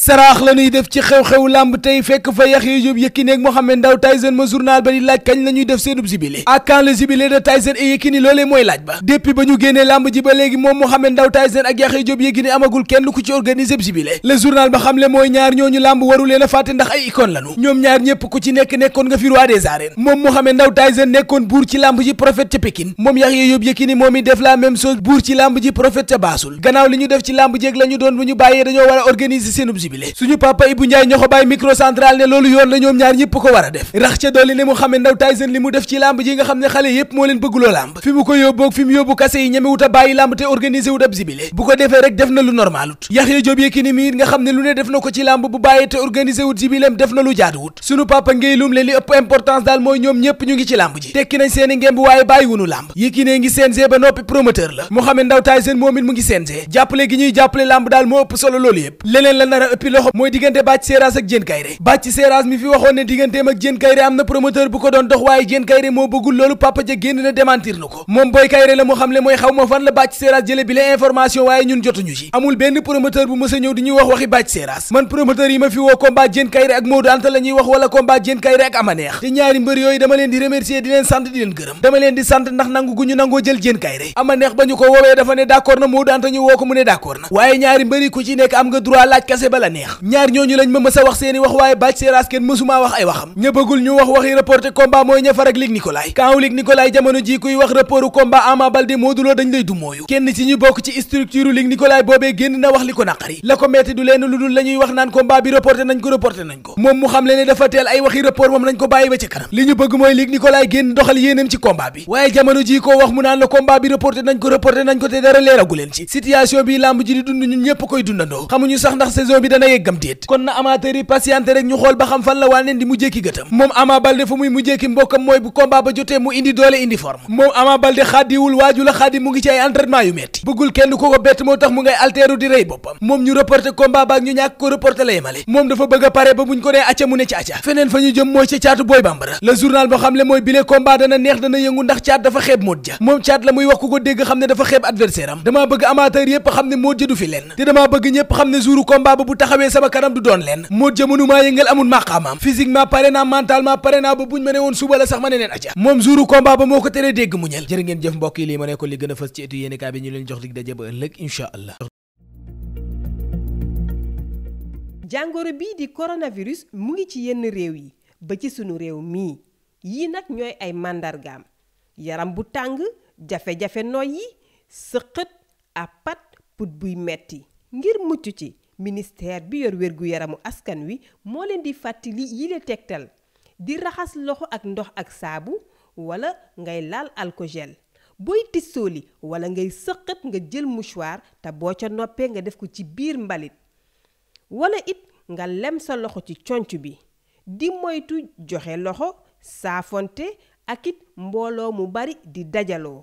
saraax la ñuy def ci xew-xewu làmb tey fekk fa Yaxya Jóob Yékini ak Mohamed Ndaw Tyson ma journal ba di laaj kañ la def seenub jubilé ak quand le jubilé de Tyson et Yékini loolee mooy laaj ba depuis ba ñu génnee làmb ji ba léegi moom Mohamed Ndaw Tyson ak Yaxya Jóob Yékini amagul kenn ku ci organisé jubilé journal ba xamle mooy ñaar ñooñu làmb waru leen a fàtte ndax ay icône lañu ñoom ñaar ñépp ku ci nekk nekkoon nga fi roi des arènes moom Mohamed Ndaw Tyson nekkoon buur ci làmb ji prophète ca Pékin moom Yaxya Jóob Yékini moom i def la même chose buur ci làmb ji prophète jibile suñu papa Ibou Ndiaye ñoxo bàyyi microcentral ne loolu yoon la ñoom ñaar ñëpp ko war a def rax ca dolli ne mu xame ndaw Tyson li mu def ci lamb ji nga xam ne xale yépp moo leen bëgguloo lamb fi mu ko yóbboog fi mu yóbbu kase yi ñemewut a bàyyi lamb te organisé ab jibile bu ko defee rek def na lu normalut Yaxya Jóob Yékini mi nga xam ne lu ne def na ko ci lamb bu bàyyi te organisé jibileem def na lu jaaduwut suñu papa ngay le ëppi loxo mooy diggante Bathie Seras ak Diène Kaïré Bathie Seras mi fi waxoon ne digganteem ak Diène Kaïré am na promoteur bu ko doon dox waaye Diène Kaïré moo bëggul loolu papa ja ko moom booy Kaïré la mu xam mooy xaw ma fan la Bathie Seras jële bi la information waaye ñun jotuñu benn promoteur bu mësa ñëw di ñuy wax waxi Bathie Seras ma fi woo combat Diène Kaïré ak la ñuy wax wala combat Diène Kaïré ak Amaneex ñaari mbër yooyu dama leen di remercier di leen sant di leen gërëm dama leen sant ndax nangu gu jël Diène Kaïré Amaneex ba ñu ko woowee dafa ne d'accord na Modou Anta ñu woo ko mu ne d'accord na waaye ñaari mbër yi ku ci nekk am nga droit laaj kase bala la neex ñaar ñooñu lañ ma mës wax seeni wax waaye Bathie Seras kenn mësumaa wax ay waxam ña ñu wax waxi reporté combat mooy ña ak Luc Nicolaï kaaw Luc Nicolaï génn doxal yéenam ci combat bi waaye jamono ji ko wax mu naan la combat bi reporté nañ ko reporté nañ ko te dara leeragu leen ci situation bi lamb ji di dund ñun ñëpp koy dundandoo xamuñu sax ndax saison bi dana yeggam déet kon na amateur yi patienté rek ñu xool ba xam fan la Walliné di mujjee gëtam moom Ama Baldé fu mbokkam mooy bu combat ba jotee mu indi doole indi forme moom Ama Baldé xaadiwul waaju la xaadi mu ngi ci ay entraînement yu metti bëggul kenn ko ko bett moo tax mu ngay alteeru di rey boppam moom ñu reporté combat baak ñu ñàkk ko reporté la yemale moom dafa bëgg pare ba buñ ko nee acca mu ne ci acca feneen fa ñu jëm mooy ca caatu taxawee sama kanam du doon leen moo ja mënumaa yëngal amul màqaamaam physiquement pare naa mentalement pare naa ba buñ ma ne woon suba la sax ma ne ko teree dégg mu ñël jërë ngeen jëf mbokk ko li gën a fës ci étu bi jàngoro bii di coronavirus mu ngi ci yenn réew yi ba ci sunu réew mii yii nag ñooy ay màndargaam yaram bu tàng jafe-jafe noy yi sëqët pat put buy metti ngir mucc ci ministère bi yor wérgu yaramu askan wi moo leen di fàttali yile tegtal di raxas loxo ak ndox ak saabu wala ngay laal alkogel booy li wala ngay sëqat nga jël mouchoir te boo ca noppee nga def ko ci biir mbalit wala it nga lem sa loxo ci conc bi di moytu joxe loxo saafonte ak it mbooloo mu bari di dajaloo